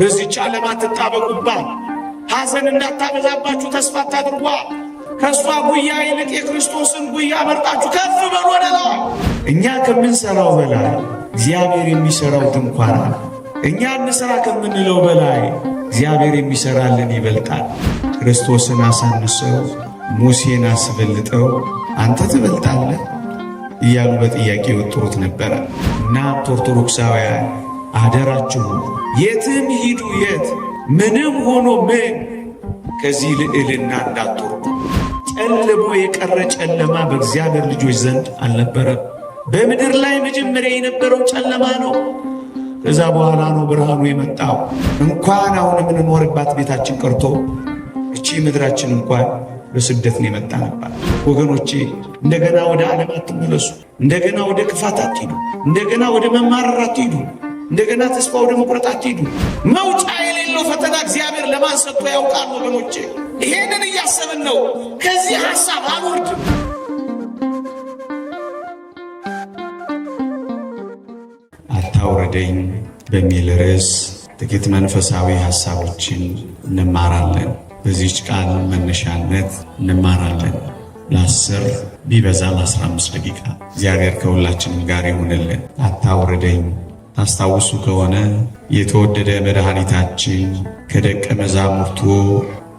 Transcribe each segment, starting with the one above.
በዚህ ጨለማ አትጣበቁባ። ሐዘን እንዳታበዛባችሁ ተስፋ አታድርጓ። ከእሷ ጉያ ይልቅ የክርስቶስን ጉያ መርጣችሁ ከፍ በሉ ወደ ላይ። እኛ ከምንሰራው በላይ እግዚአብሔር የሚሰራው ድንኳን አለ። እኛ እንሰራ ከምንለው በላይ እግዚአብሔር የሚሰራልን ይበልጣል። ክርስቶስን አሳንሰው ሙሴን አስበልጠው አንተ ትበልጣለህ እያሉ በጥያቄ ወጥሮት ነበረ። እና ኦርቶዶክሳውያን አደራችሁ የትም ሂዱ የት ምንም ሆኖ ምን ከዚህ ልዕልና እንዳትወርዱ። ጨልሞ የቀረ ጨለማ በእግዚአብሔር ልጆች ዘንድ አልነበረም። በምድር ላይ መጀመሪያ የነበረው ጨለማ ነው። ከዛ በኋላ ነው ብርሃኑ የመጣው። እንኳን አሁን የምንኖርባት ቤታችን ቀርቶ እቺ ምድራችን እንኳን በስደት ነው የመጣ ነበር። ወገኖቼ እንደገና ወደ ዓለም አትመለሱ። እንደገና ወደ ክፋት አትሂዱ። እንደገና ወደ መማረር አትሂዱ። እንደገና ተስፋ ወደ መቁረጥ አትሄዱ። መውጫ የሌለው ፈተና እግዚአብሔር ለማን ሰጥቶ ያውቃል? ወገኖቼ ይሄንን እያሰብን ነው። ከዚህ ሐሳብ አልወርድ አታውረደኝ በሚል ርዕስ ጥቂት መንፈሳዊ ሐሳቦችን እንማራለን። በዚች ቃል መነሻነት እንማራለን ለአስር ቢበዛ ለአስራ አምስት ደቂቃ። እግዚአብሔር ከሁላችንም ጋር ይሁንልን። አታውረደኝ ታስታውሱ ከሆነ የተወደደ መድኃኒታችን ከደቀ መዛሙርቱ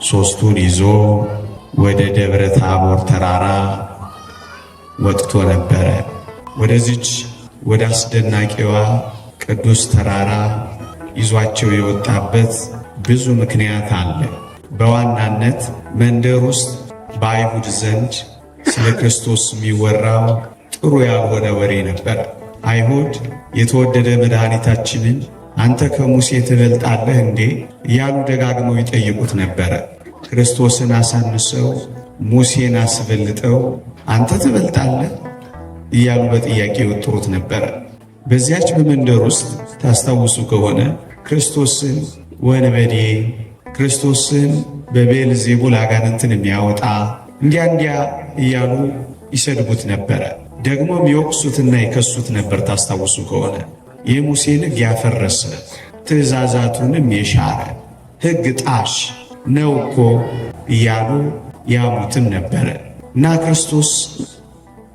ሦስቱን ይዞ ወደ ደብረ ታቦር ተራራ ወጥቶ ነበረ። ወደዚች ወደ አስደናቂዋ ቅዱስ ተራራ ይዟቸው የወጣበት ብዙ ምክንያት አለ። በዋናነት መንደር ውስጥ በአይሁድ ዘንድ ስለ ክርስቶስ የሚወራው ጥሩ ያልሆነ ወሬ ነበር። አይሁድ የተወደደ መድኃኒታችንን አንተ ከሙሴ ትበልጣለህ እንዴ እያሉ ደጋግመው ይጠይቁት ነበረ። ክርስቶስን አሳንሰው ሙሴን አስበልጠው አንተ ትበልጣለህ እያሉ በጥያቄ ወጥሮት ነበረ። በዚያች በመንደር ውስጥ ታስታውሱ ከሆነ ክርስቶስን ወንበዴ፣ ክርስቶስን በቤል ዜቡል አጋንንትን የሚያወጣ እንዲያ እንዲያ እያሉ ይሰድቡት ነበረ። ደግሞም የወቅሱትና የከሱት ነበር። ታስታውሱ ከሆነ የሙሴን ሕግ ያፈረሰ ትእዛዛቱንም የሻረ ሕግ ጣሽ ነው እኮ እያሉ ያሙትም ነበረ እና ክርስቶስ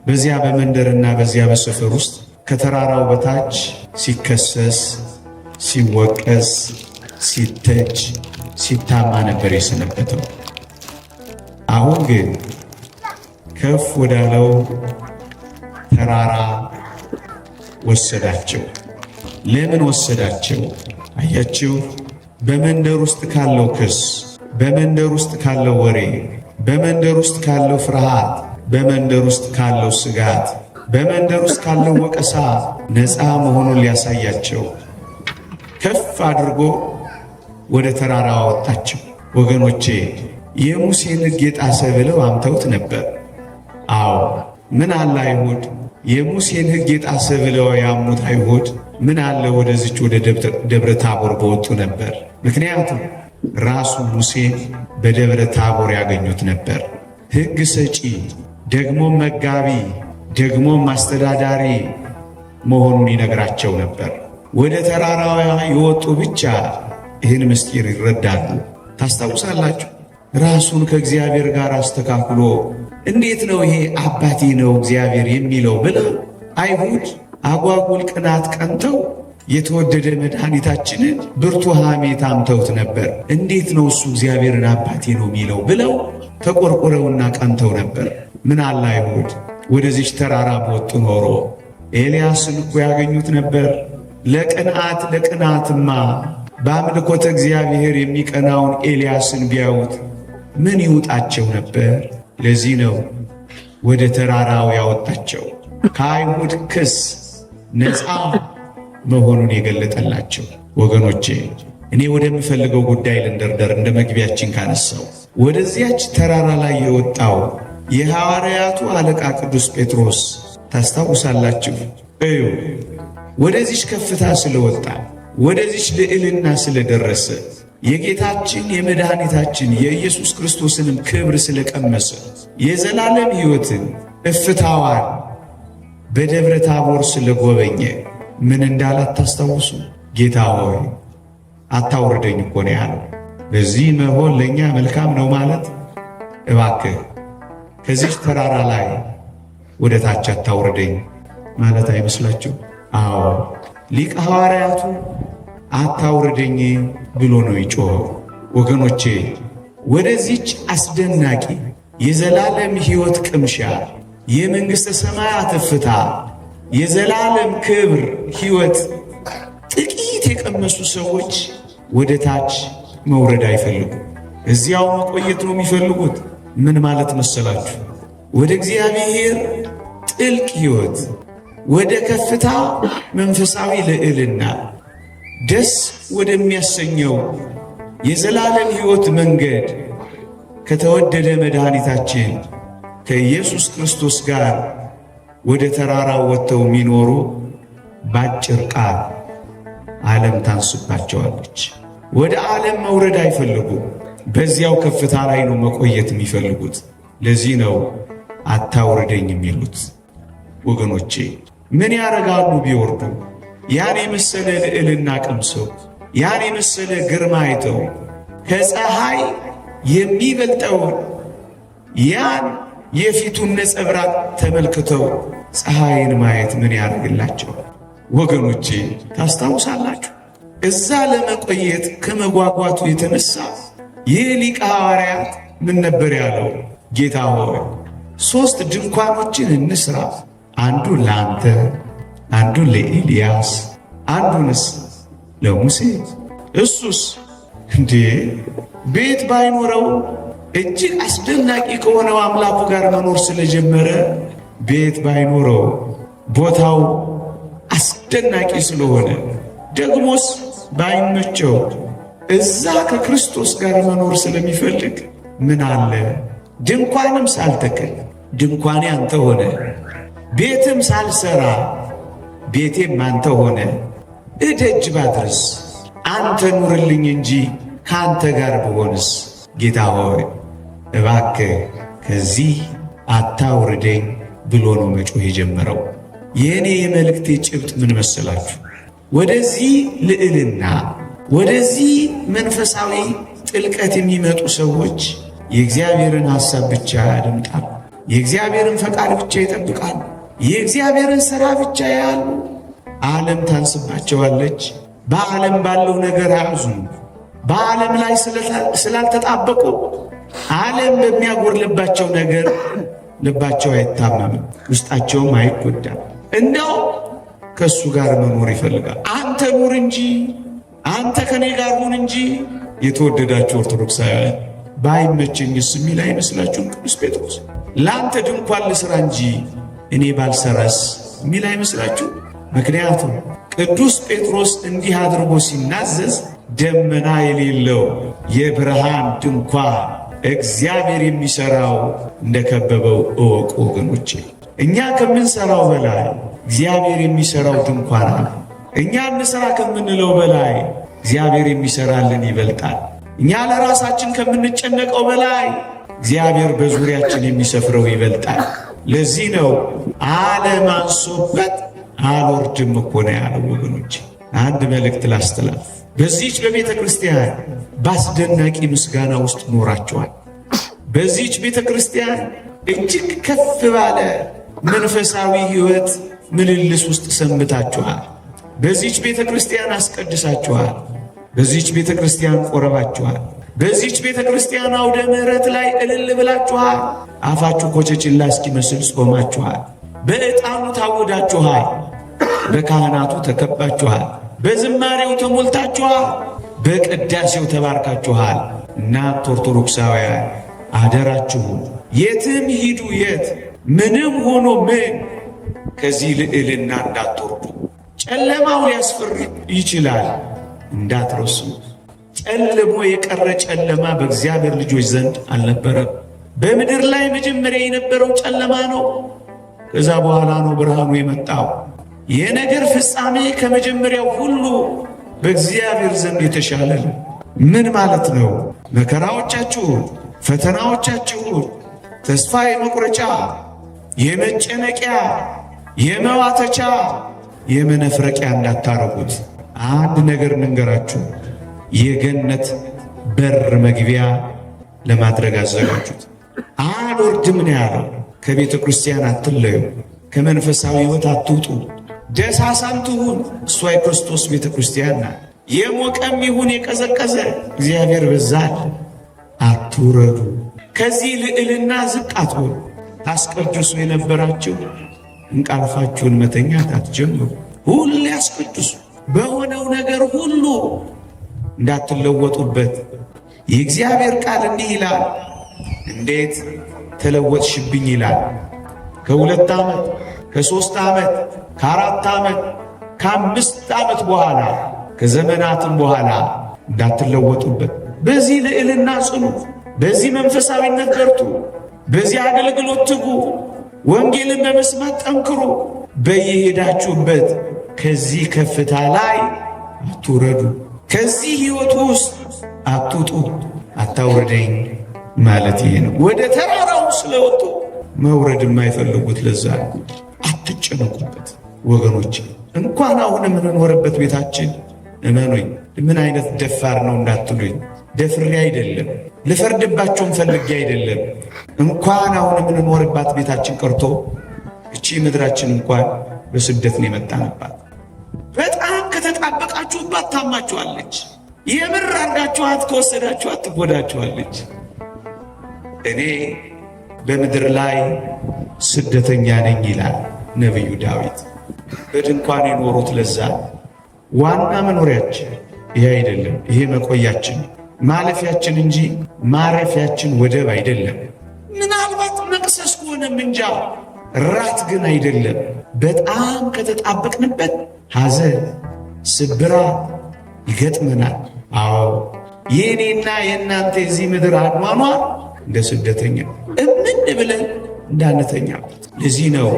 በዚያ በመንደርና በዚያ በሰፈር ውስጥ ከተራራው በታች ሲከሰስ፣ ሲወቀስ፣ ሲተች፣ ሲታማ ነበር የሰነበተው። አሁን ግን ከፍ ወዳለው ተራራ ወሰዳቸው። ለምን ወሰዳቸው? አያችሁ በመንደር ውስጥ ካለው ክስ፣ በመንደር ውስጥ ካለው ወሬ፣ በመንደር ውስጥ ካለው ፍርሃት፣ በመንደር ውስጥ ካለው ስጋት፣ በመንደር ውስጥ ካለው ወቀሳ ነፃ መሆኑን ሊያሳያቸው ከፍ አድርጎ ወደ ተራራ አወጣቸው። ወገኖቼ የሙሴን ሕግ የጣሰ ብለው አምተውት ነበር። አዎ ምን አለ አይሁድ የሙሴን ሕግ የጣሰ ብለው ያሙት አይሁድ ምን አለ ወደዚች ወደ ደብረ ታቦር በወጡ ነበር። ምክንያቱም ራሱ ሙሴን በደብረ ታቦር ያገኙት ነበር። ሕግ ሰጪ ደግሞም መጋቢ ደግሞም አስተዳዳሪ መሆኑን ይነግራቸው ነበር። ወደ ተራራዋ የወጡ ብቻ ይህን ምስጢር ይረዳሉ። ታስታውሳላችሁ። ራሱን ከእግዚአብሔር ጋር አስተካክሎ እንዴት ነው ይሄ አባቴ ነው እግዚአብሔር የሚለው ብለው አይሁድ አጓጉል ቅናት ቀንተው የተወደደ መድኃኒታችንን ብርቱ ሐሜት አምተውት ነበር። እንዴት ነው እሱ እግዚአብሔርን አባቴ ነው የሚለው ብለው ተቆርቁረውና ቀንተው ነበር። ምን አለ አይሁድ ወደዚች ተራራ በወጡ ኖሮ ኤልያስን እኮ ያገኙት ነበር። ለቅንዓት ለቅናትማ በአምልኮተ እግዚአብሔር የሚቀናውን ኤልያስን ቢያዩት ምን ይውጣቸው ነበር? ለዚህ ነው ወደ ተራራው ያወጣቸው፣ ከአይሁድ ክስ ነፃ መሆኑን የገለጠላቸው። ወገኖቼ እኔ ወደምፈልገው ጉዳይ ልንደርደር። እንደ መግቢያችን ካነሳው ወደዚያች ተራራ ላይ የወጣው የሐዋርያቱ አለቃ ቅዱስ ጴጥሮስ ታስታውሳላችሁ። እዩ ወደዚች ከፍታ ስለወጣ ወደዚች ልዕልና ስለደረሰ የጌታችን የመድኃኒታችን የኢየሱስ ክርስቶስንም ክብር ስለቀመሰ የዘላለም ሕይወትን እፍታዋን በደብረ ታቦር ስለጎበኘ ምን እንዳለ አታስታውሱ? ጌታ ሆይ አታውርደኝ እኮ ነው ያለው። በዚህ መሆን ለእኛ መልካም ነው ማለት እባክህ ከዚህ ተራራ ላይ ወደ ታች አታውርደኝ ማለት አይመስላችሁ? አዎ ሊቀ ሐዋርያቱ አታውርደኝ ብሎ ነው ይጮኸው። ወገኖቼ ወደዚች አስደናቂ የዘላለም ሕይወት ቅምሻ፣ የመንግሥተ ሰማያት እፍታ፣ የዘላለም ክብር ሕይወት ጥቂት የቀመሱ ሰዎች ወደ ታች መውረድ አይፈልጉም። እዚያው መቆየት ነው የሚፈልጉት። ምን ማለት መሰላችሁ? ወደ እግዚአብሔር ጥልቅ ሕይወት፣ ወደ ከፍታ መንፈሳዊ ልዕልና ደስ ወደሚያሰኘው የዘላለም ሕይወት መንገድ ከተወደደ መድኃኒታችን ከኢየሱስ ክርስቶስ ጋር ወደ ተራራው ወጥተው የሚኖሩ ባጭር ቃል ዓለም ታንሱባቸዋለች። ወደ ዓለም መውረድ አይፈልጉም። በዚያው ከፍታ ላይ ነው መቆየት የሚፈልጉት። ለዚህ ነው አታውርደኝ የሚሉት። ወገኖቼ ምን ያደርጋሉ ቢወርዱ? ያን የመሰለ ልዕልና ቀምሰው፣ ያን የመሰለ ግርማ አይተው ከፀሐይ የሚበልጠውን ያን የፊቱን ነጸብራቅ ተመልክተው ፀሐይን ማየት ምን ያደርግላቸው? ወገኖቼ ታስታውሳላችሁ? እዛ ለመቆየት ከመጓጓቱ የተነሳ ይህ ሊቀ ሐዋርያት ምን ነበር ያለው? ጌታ ሆይ ሦስት ድንኳኖችን እንስራ፣ አንዱ ለአንተ አንዱን ለኤልያስ አንዱንስ ለሙሴ እሱስ እንዴ ቤት ባይኖረው እጅግ አስደናቂ ከሆነው አምላኩ ጋር መኖር ስለጀመረ ቤት ባይኖረው ቦታው አስደናቂ ስለሆነ ደግሞስ ባይመቸው እዛ ከክርስቶስ ጋር መኖር ስለሚፈልግ ምን አለ ድንኳንም ሳልተክል ድንኳኔ አንተ ሆነ ቤትም ሳልሰራ ቤቴም አንተ ሆነ እደጅ ባድርስ አንተ ኑርልኝ እንጂ ከአንተ ጋር ብሆንስ ጌታ ሆይ እባክህ ከዚህ አታውርደኝ ብሎ ነው መጮህ የጀመረው። የእኔ የመልእክቴ ጭብጥ ምን መሰላችሁ? ወደዚህ ልዕልና ወደዚህ መንፈሳዊ ጥልቀት የሚመጡ ሰዎች የእግዚአብሔርን ሐሳብ ብቻ ያደምጣሉ። የእግዚአብሔርን ፈቃድ ብቻ ይጠብቃሉ። የእግዚአብሔርን ሥራ ብቻ ያሉ ዓለም ታንስባቸዋለች። በዓለም ባለው ነገር አያዙም። በዓለም ላይ ስላልተጣበቁ ዓለም በሚያጎርልባቸው ነገር ልባቸው አይታመምም፣ ውስጣቸውም አይጎዳም። እንደው ከእሱ ጋር መኖር ይፈልጋል። አንተ ኑር እንጂ አንተ ከኔ ጋር ሁን እንጂ። የተወደዳችሁ ኦርቶዶክሳውያን ባይመቸኝስ የሚል አይመስላችሁም? ቅዱስ ጴጥሮስ ለአንተ ድንኳን ልስራ እንጂ እኔ ባልሰራስ የሚል አይመስላችሁ? ምክንያቱም ቅዱስ ጴጥሮስ እንዲህ አድርጎ ሲናዘዝ ደመና የሌለው የብርሃን ድንኳ እግዚአብሔር የሚሰራው እንደከበበው እወቁ ወገኖቼ። እኛ ከምንሰራው በላይ እግዚአብሔር የሚሰራው ድንኳን አለ። እኛ እንሥራ ከምንለው በላይ እግዚአብሔር የሚሰራልን ይበልጣል። እኛ ለራሳችን ከምንጨነቀው በላይ እግዚአብሔር በዙሪያችን የሚሰፍረው ይበልጣል። ለዚህ ነው አለማንሶበት አንሶበት አልወርድም እኮ ነው ያለው። ወገኖች አንድ መልእክት ላስተላልፍ። በዚች በቤተ ክርስቲያን በአስደናቂ ምስጋና ውስጥ ኖራቸዋል። በዚች ቤተ ክርስቲያን እጅግ ከፍ ባለ መንፈሳዊ ሕይወት ምልልስ ውስጥ ሰምታችኋል። በዚች ቤተ ክርስቲያን አስቀድሳችኋል። በዚች ቤተ ክርስቲያን ቆረባችኋል። በዚች ቤተ ክርስቲያን አውደ ምሕረት ላይ እልል ብላችኋል። አፋችሁ ኮቸችላ እስኪመስል ጾማችኋል። በዕጣኑ ታውዳችኋል። በካህናቱ ተከባችኋል። በዝማሬው ተሞልታችኋል። በቅዳሴው ተባርካችኋል። እናንተ ኦርቶዶክሳውያን አደራችሁ የትም ሂዱ የት ምንም ሆኖ ምን ከዚህ ልዕልና እንዳትወርዱ። ጨለማው ሊያስፈር ይችላል፣ እንዳትረሱ። ጨልሞ የቀረ ጨለማ በእግዚአብሔር ልጆች ዘንድ አልነበረም። በምድር ላይ መጀመሪያ የነበረው ጨለማ ነው። ከዛ በኋላ ነው ብርሃኑ የመጣው። የነገር ፍጻሜ ከመጀመሪያው ሁሉ በእግዚአብሔር ዘንድ የተሻለ ነው። ምን ማለት ነው? መከራዎቻችሁን፣ ፈተናዎቻችሁን፣ ተስፋ የመቁረጫ የመጨነቂያ፣ የመዋተቻ፣ የመነፍረቂያ እንዳታረጉት። አንድ ነገር ልንገራችሁ። የገነት በር መግቢያ ለማድረግ አዘጋጁት። አልወርድም ነው ያለው። ከቤተ ክርስቲያን አትለዩ፣ ከመንፈሳዊ ሕይወት አትውጡ። ደሳሳም ትሁን እሷ የክርስቶስ ቤተ ክርስቲያን ናት። የሞቀም ይሁን የቀዘቀዘ እግዚአብሔር በዛል አትውረዱ። ከዚህ ልዕልና ዝቅ አትሆኑ። ታስቀድሱ የነበራችሁ እንቅልፋችሁን መተኛት አትጀምሩ። ሁሌ አስቀድሱ በሆነው ነገር ሁሉ እንዳትለወጡበት የእግዚአብሔር ቃል እንዲህ ይላል። እንዴት ተለወጥሽብኝ ይላል። ከሁለት ዓመት ከሦስት ዓመት ከአራት ዓመት ከአምስት ዓመት በኋላ ከዘመናትም በኋላ እንዳትለወጡበት በዚህ ልዕልና ጽኑ፣ በዚህ መንፈሳዊነት በርቱ፣ በዚህ አገልግሎት ትጉ፣ ወንጌልን በመስማት ጠንክሩ። በየሄዳችሁበት ከዚህ ከፍታ ላይ አትውረዱ። ከዚህ ህይወት ውስጥ አትውጡ፣ አታውርደኝ ማለት ይሄ ነው። ወደ ተራራው ስለወጡ መውረድ የማይፈልጉት ለዛ አትጨነቁበት ወገኖች። እንኳን አሁን የምንኖርበት ቤታችን እመኖኝ ምን አይነት ደፋር ነው እንዳትሉኝ፣ ደፍሬ አይደለም ልፈርድባቸውም ፈልጌ አይደለም። እንኳን አሁን የምንኖርባት ቤታችን ቀርቶ እቺ ምድራችን እንኳን በስደት ነው የመጣንባት በጣም ታስማማችኋለች። የምር አርጋችኋት ከወሰዳችኋት ትጎዳችኋለች። እኔ በምድር ላይ ስደተኛ ነኝ ይላል ነቢዩ ዳዊት። በድንኳን የኖሩት ለዛ ዋና መኖሪያችን ይሄ አይደለም። ይሄ መቆያችን ማለፊያችን እንጂ ማረፊያችን ወደብ አይደለም። ምናልባት መቅሰስ ከሆነ ምንጃ ራት ግን አይደለም። በጣም ከተጣበቅንበት ሐዘን፣ ስብራት ይገጥመናል። አዎ የእኔና የእናንተ የዚህ ምድር አድማኗ እንደ ስደተኛ እምን ብለን እንዳንተኛበት። ለዚህ ነው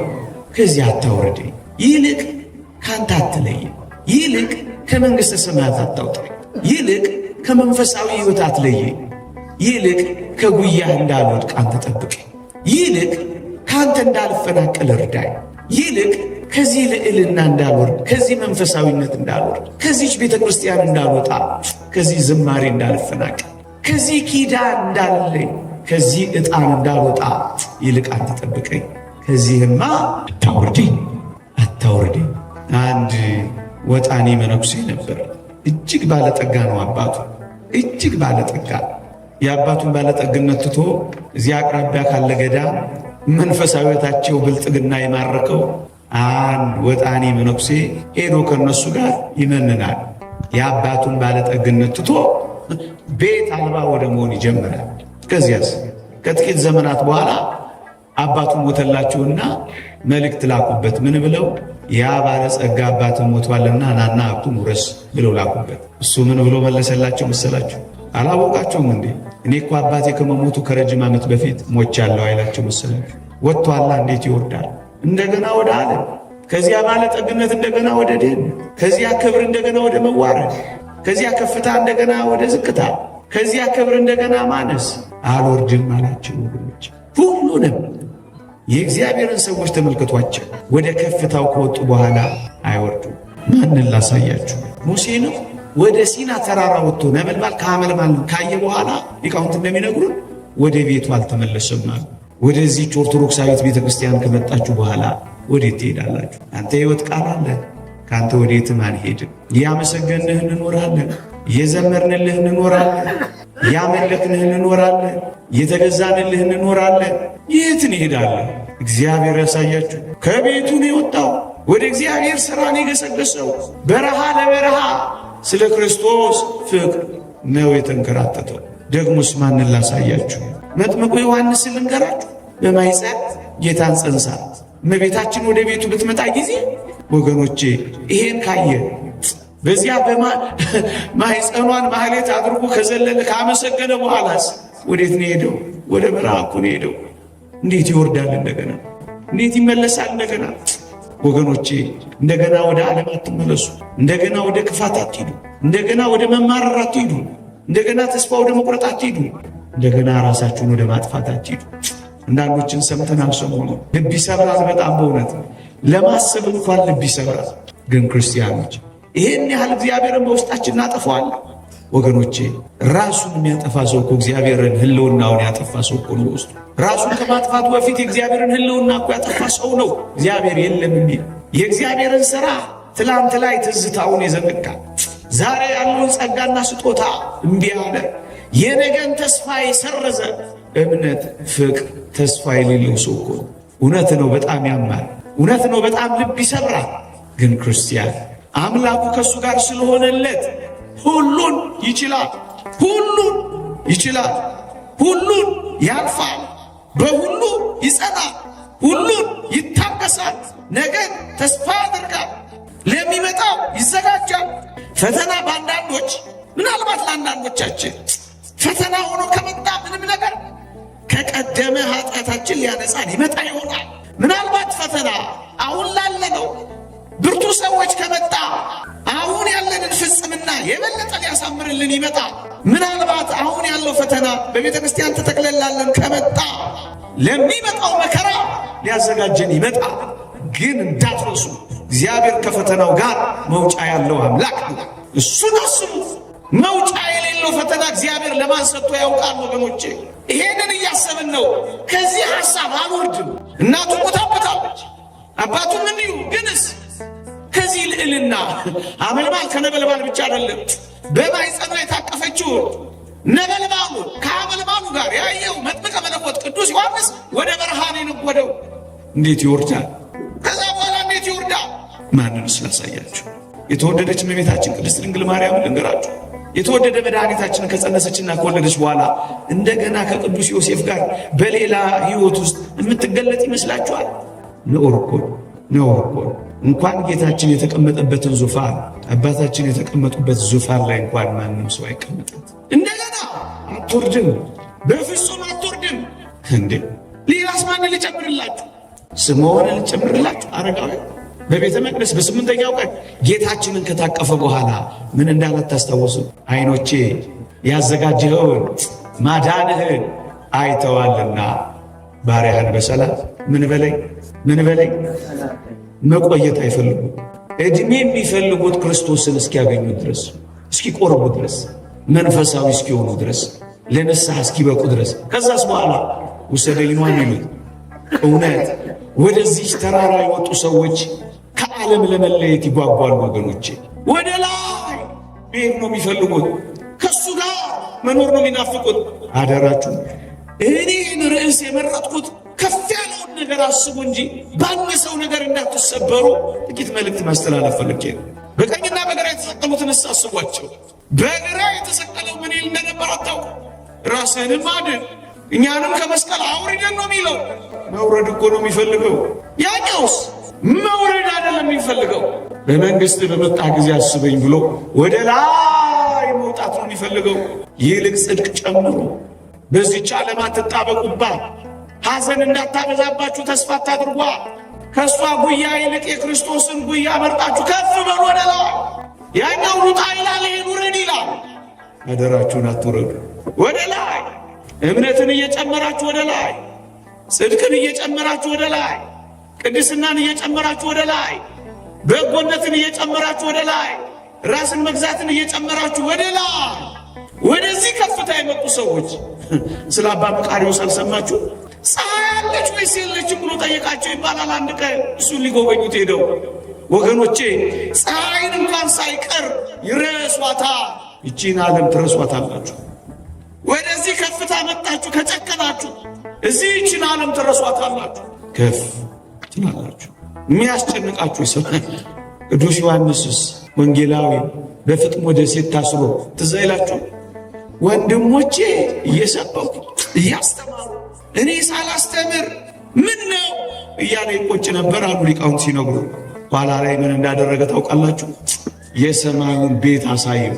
ከዚህ አታውርደኝ፣ ይልቅ ከአንተ አትለይ፣ ይልቅ ከመንግሥተ ሰማያት አታውጣኝ፣ ይልቅ ከመንፈሳዊ ሕይወት አትለይ፣ ይልቅ ከጉያህ እንዳልወድቅ አንተ ጠብቀኝ፣ ይልቅ ከአንተ እንዳልፈናቀል እርዳኝ፣ ይልቅ ከዚህ ልዕልና እንዳልወርድ፣ ከዚህ መንፈሳዊነት እንዳልወርድ፣ ከዚች ቤተ ክርስቲያን እንዳልወጣ፣ ከዚህ ዝማሬ እንዳልፈናቀል፣ ከዚህ ኪዳን እንዳልለይ፣ ከዚህ ዕጣን እንዳልወጣ ይልቅ አንተ ከዚህማ አታውርዴ አታውርዴ። አንድ ወጣኔ መነኩሴ ነበር። እጅግ ባለጠጋ ነው አባቱ፣ እጅግ ባለጠጋ የአባቱን ባለጠግነት ትቶ እዚህ አቅራቢያ ካለ ገዳ መንፈሳዊታቸው ብልጥግና የማረከው አንድ ወጣኔ መነኩሴ ሄዶ ከነሱ ጋር ይመንናል። የአባቱን ባለጠግነት ትቶ ቤት አልባ ወደ መሆን ይጀምራል። ከዚያስ ከጥቂት ዘመናት በኋላ አባቱ ሞተላቸውና መልእክት ላኩበት። ምን ብለው? ያ ባለጸጋ አባት ሞቷልና ናና ሀብቱን ውረስ ብለው ላኩበት። እሱ ምን ብሎ መለሰላቸው መሰላችሁ? አላወቃቸውም እንዴ? እኔ እኮ አባቴ ከመሞቱ ከረጅም ዓመት በፊት ሞቻለሁ አይላቸው መሰላችሁ? ወጥቷላ እንዴት ይወርዳል እንደገና ወደ ዓለም፣ ከዚያ ባለጠግነት እንደገና ወደ ድህነት፣ ከዚያ ክብር እንደገና ወደ መዋረድ፣ ከዚያ ከፍታ እንደገና ወደ ዝቅታ፣ ከዚያ ክብር እንደገና ማነስ። አልወርድም አላቸው ወገኖች። ሁሉንም የእግዚአብሔርን ሰዎች ተመልክቷቸው ወደ ከፍታው ከወጡ በኋላ አይወርዱም። ማንን ላሳያችሁ? ሙሴ ነው ወደ ሲና ተራራ ወጥቶ ነበልባል ከሐመልማል ካየ በኋላ ሊቃውንት እንደሚነግሩን ወደ ቤቱ አልተመለሰም አሉ። ወደዚች ኦርቶዶክሳዊት ቤተክርስቲያን ከመጣችሁ በኋላ ወዴት ትሄዳላችሁ? አንተ ህይወት ቃል አለ። ከአንተ ወዴትም አንሄድም። እያመሰገንህ እንኖራለን፣ እየዘመርንልህ እንኖራለን፣ እያመለክንህ እንኖራለን፣ እየተገዛንልህ እንኖራለን። የት እንሄዳለን? እግዚአብሔር ያሳያችሁ። ከቤቱ ነው የወጣው፣ ወደ እግዚአብሔር ስራን የገሰገሰው። በረሃ ለበረሃ ስለ ክርስቶስ ፍቅር ነው የተንከራተተው። ደግሞስ ማንን ላሳያችሁ? መጥምቁ ዮሐንስ ልንገራችሁ በማይፀን ጌታን ጸንሳ እመቤታችን ወደ ቤቱ ብትመጣ ጊዜ ወገኖቼ ይሄን ካየ በዚያ በማይፀኗን ማህሌት አድርጎ ከዘለለ ካመሰገነ በኋላስ ወዴት ነው ሄደው? ወደ መልአኩ ነው ሄደው። እንዴት ይወርዳል እንደገና? እንዴት ይመለሳል እንደገና? ወገኖቼ እንደገና ወደ ዓለም አትመለሱ። እንደገና ወደ ክፋት አትሄዱ። እንደገና ወደ መማረር አትሄዱ እንደገና ተስፋ ወደ መቁረጥ አትሄዱ እንደገና ራሳችሁን ወደ ማጥፋት አትሂዱ። አንዳንዶችን ሰምተናል ሰሞኑ። ልብ ይሰብራል በጣም በእውነት ለማሰብ እንኳን ልብ ይሰብራል። ግን ክርስቲያኖች ይህን ያህል እግዚአብሔርን በውስጣችን እናጠፋዋል። ወገኖቼ ራሱን የሚያጠፋ ሰው እኮ እግዚአብሔርን ህልውናውን ያጠፋ ሰው እኮ ነው። ውስጡ ራሱን ከማጥፋቱ በፊት የእግዚአብሔርን ህልውና እኮ ያጠፋ ሰው ነው። እግዚአብሔር የለም የሚል የእግዚአብሔርን ስራ ትላንት ላይ ትዝታውን የዘነጋ ዛሬ ያለውን ጸጋና ስጦታ እምቢ አለ። የነገን ተስፋ የሰረዘ እምነት፣ ፍቅር፣ ተስፋ የሌለው ሰው እኮ እውነት ነው። በጣም ያማል። እውነት ነው። በጣም ልብ ይሰብራል። ግን ክርስቲያን አምላኩ ከእሱ ጋር ስለሆነለት ሁሉን ይችላል። ሁሉን ይችላል። ሁሉን ያልፋል። በሁሉ ይጸናል። ሁሉን ይታገሳል። ነገን ተስፋ ያደርጋል። ለሚመጣው ይዘጋጃል። ፈተና በአንዳንዶች ምናልባት ለአንዳንዶቻችን ፈተና ሆኖ ከመጣ ምንም ነገር ከቀደመ ኃጢአታችን ሊያነጻን ይመጣ ይሆናል። ምናልባት ፈተና አሁን ላለነው ብርቱ ሰዎች ከመጣ አሁን ያለንን ፍጽምና የበለጠ ሊያሳምርልን ይመጣ። ምናልባት አሁን ያለው ፈተና በቤተ ክርስቲያን ተጠቅለላለን ከመጣ ለሚመጣው መከራ ሊያዘጋጀን ይመጣ። ግን እንዳትረሱ፣ እግዚአብሔር ከፈተናው ጋር መውጫ ያለው አምላክ እሱ ነው። መውጫ የሌለው ፈተና እግዚአብሔር ለማን ሰጥቶ ያውቃል? ወገኖቼ ይሄንን እያሰብን ነው። ከዚህ ሀሳብ አልወርድም። እናቱ አባቱ አባቱም ይሁ ግንስ ከዚህ ልዕልና አመልባል ከነበልባል ብቻ አይደለም። በማኅፀኗ የታቀፈችው ነበልባሉ ከአመልባሉ ጋር ያየው መጥምቀ መለኮት ቅዱስ ዮሐንስ ወደ በረሃን ነው የነጎደው። እንዴት ይወርዳል? ከዛ በኋላ እንዴት ይወርዳል? ማንን ስላሳያችሁ የተወደደች እመቤታችን ቅድስት ድንግል ማርያም ልንገራችሁ የተወደደ መድኃኒታችን ከጸነሰችና ከወለደች በኋላ እንደገና ከቅዱስ ዮሴፍ ጋር በሌላ ህይወት ውስጥ የምትገለጥ ይመስላችኋል? ነውር እኮ ነውር እኮ። እንኳን ጌታችን የተቀመጠበትን ዙፋን አባታችን የተቀመጡበት ዙፋን ላይ እንኳን ማንም ሰው አይቀመጣት። እንደገና አትወርድም፣ በፍጹም አትወርድም። እንዴ ሌላስ ማንን ልጨምርላችሁ? ስምዖንን ልጨምርላችሁ? አረጋዊ በቤተ መቅደስ በስምንተኛው ቀን ጌታችንን ከታቀፈ በኋላ ምን እንዳላት ታስታወሱ? ያዘጋጀውን ያዘጋጀኸውን ማዳንህን አይተዋልና ባሪያህን በሰላም ምን በላይ ምን በላይ መቆየት አይፈልጉም። እድሜ የሚፈልጉት ክርስቶስን እስኪያገኙ ድረስ፣ እስኪቆረቡ ድረስ፣ መንፈሳዊ እስኪሆኑ ድረስ፣ ለንስሐ እስኪበቁ ድረስ። ከዛስ በኋላ ውሰደኝ ነው የሚሉት። እውነት ወደዚች ተራራ የወጡ ሰዎች ከዓለም ለመለየት ይጓጓሉ ወገኖቼ። ወደ ላይ መሄድ ነው የሚፈልጉት፣ ከሱ ጋር መኖር ነው የሚናፍቁት። አደራችሁ እኔን ርዕስ የመረጥኩት ከፍ ያለውን ነገር አስቡ እንጂ ባነሰው ነገር እንዳትሰበሩ ጥቂት መልእክት ማስተላለፍ ፈልጌ ነው። በቀኝና በግራ የተሰቀሉትን አስቧቸው። በግራ የተሰቀለው ምን ይል እንደነበር አታውቁ። ራስህንም አድን እኛንም ከመስቀል አውርደን ነው የሚለው። መውረድ እኮ ነው የሚፈልገው ያኛውስ መውረድ አይደለም የሚፈልገው። በመንግስት በመጣ ጊዜ አስበኝ ብሎ ወደ ላይ መውጣት ነው የሚፈልገው። ይልቅ ጽድቅ ጨምሩ፣ በዚች ዓለም አትጣበቁባት፣ ሐዘን እንዳታበዛባችሁ ተስፋ አታድርጓ። ከእሷ ጉያ ይልቅ የክርስቶስን ጉያ መርጣችሁ ከፍ በሉ ወደ ላይ። ያኛው ሩጣ ይላል፣ ይሄን ውረድ ይላል። አደራችሁን አትውረዱ፣ ወደ ላይ እምነትን እየጨመራችሁ ወደ ላይ፣ ጽድቅን እየጨመራችሁ ወደ ላይ ቅድስናን እየጨመራችሁ ወደ ላይ፣ በጎነትን እየጨመራችሁ ወደ ላይ፣ ራስን መግዛትን እየጨመራችሁ ወደ ላይ፣ ወደዚህ ከፍታ የመጡ ሰዎች ስለ አባ መቃርዮስ አልሰማችሁ? ፀሐይ አለች ወይስ የለችም ብሎ ጠየቃቸው ይባላል። አንድ ቀን እሱን ሊጎበኙት ሄደው ወገኖቼ ፀሐይን እንኳን ሳይቀር ይረሷታ ይቺን ዓለም ትረሷታላችሁ። ወደዚህ ከፍታ መጣችሁ ከጨከናችሁ፣ እዚህ ይቺን ዓለም ትረሷታላችሁ። ከፍ ትላላችሁ። የሚያስጨንቃችሁ ሰው ቅዱስ ዮሐንስስ ወንጌላዊ በፍጥሞ ደሴት ታስሮ ትዝ ይላችሁ፣ ወንድሞቼ እየሰበኩ እያስተማሩ እኔ ሳላስተምር ምን ነው እያለ ይቆጭ ነበር አሉ ሊቃውንት ሲነግሩ። ኋላ ላይ ምን እንዳደረገ ታውቃላችሁ? የሰማዩን ቤት አሳየው፣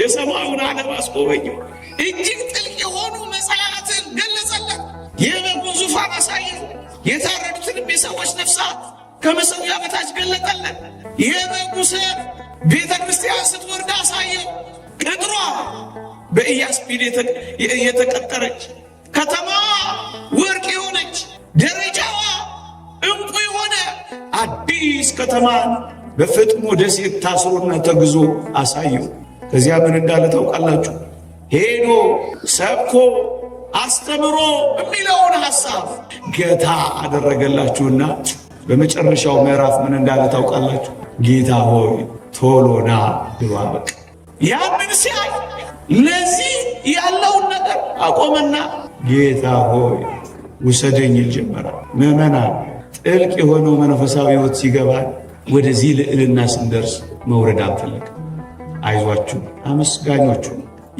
የሰማዩን ዓለም አስጎበኘው፣ እጅግ ጥልቅ የሆኑ መጽሐፍትን ገለጸለት፣ የበጎ ዙፋን አሳየው፣ የታረ ሰዎች ነፍሳት ከመሠዊያ በታች ገለጠለ! የበጉ ቤተ ክርስቲያን ስትወርድ አሳየው። ቅጥሯ በኢያስጲድ የተቀጠረች ከተማዋ ወርቅ የሆነች ደረጃዋ እንቁ የሆነ አዲስ ከተማን በፍጥሞ ደሴት ታስሮና ተግዞ አሳየው። ከዚያ ምን እንዳለ ታውቃላችሁ? ሄዶ ሰብኮ አስተምሮ የሚለውን ሐሳብ ጌታ አደረገላችሁና በመጨረሻው ምዕራፍ ምን እንዳለ ታውቃላችሁ? ጌታ ሆይ ቶሎና ግባ። ያ ያንን ሲያይ ለዚህ ያለውን ነገር አቆመና ጌታ ሆይ ውሰደኝ ይል ጀመረ። ምዕመናን ጥልቅ የሆነው መንፈሳዊ ሕይወት ሲገባል ወደዚህ ልዕልና ስንደርስ መውረድ አንፈልግም። አይዟችሁ፣ አመስጋኞቹ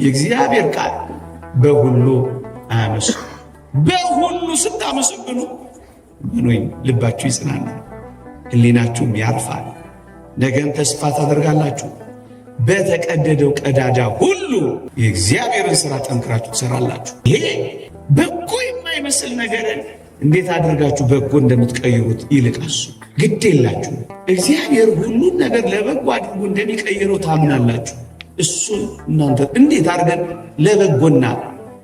የእግዚአብሔር ቃል በሁሉ አመስግኑ። በሁሉ ስታመሰግኑ ምን ወይም ልባችሁ ይጽናናል፣ ሕሊናችሁም ያርፋል። ነገን ተስፋ ታደርጋላችሁ። በተቀደደው ቀዳዳ ሁሉ የእግዚአብሔርን ስራ ጠንክራችሁ ትሰራላችሁ። ይሄ በጎ የማይመስል ነገርን እንዴት አድርጋችሁ በጎ እንደምትቀይሩት ይልቃሱ ግድ የላችሁ። እግዚአብሔር ሁሉን ነገር ለበጎ አድርጎ እንደሚቀይረው ታምናላችሁ። እሱን እናንተ እንዴት አድርገን ለበጎና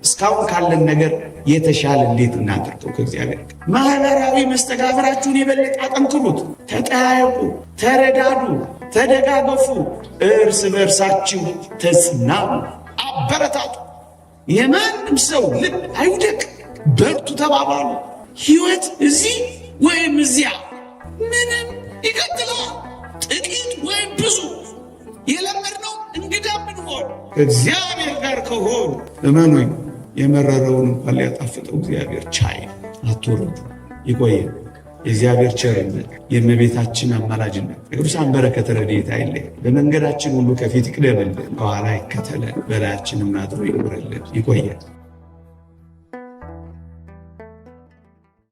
እስካሁን ካለን ነገር የተሻለ እንዴት እናድርገው? ከእግዚአብሔር ጋር ማህበራዊ መስተጋብራችሁን የበለጠ አጠንክሩት። ተጠያየቁ፣ ተረዳዱ፣ ተደጋገፉ፣ እርስ በእርሳችሁ ተጽናኑ፣ አበረታቱ። የማንም ሰው ልብ አይውደቅ፣ በርቱ ተባባሉ። ህይወት እዚህ ወይም እዚያ ምንም ይቀጥላል፣ ጥቂት ወይም ብዙ የለመድነው እንግዳ ምንሆን ከእግዚአብሔር ጋር ከሆኑ እመኑኝ የመረረውን እንኳን ሊያጣፍጠው እግዚአብሔር ቻይ አትወረዱ። ይቆየ የእግዚአብሔር ቸርነት የእመቤታችን አማላጅነት የቅዱሳን በረከት ረድኤት አይለይ። በመንገዳችን ሁሉ ከፊት ይቅደምልን፣ ከኋላ ይከተለን፣ በላያችንም አድሮ ይኖረልን። ይቆያል።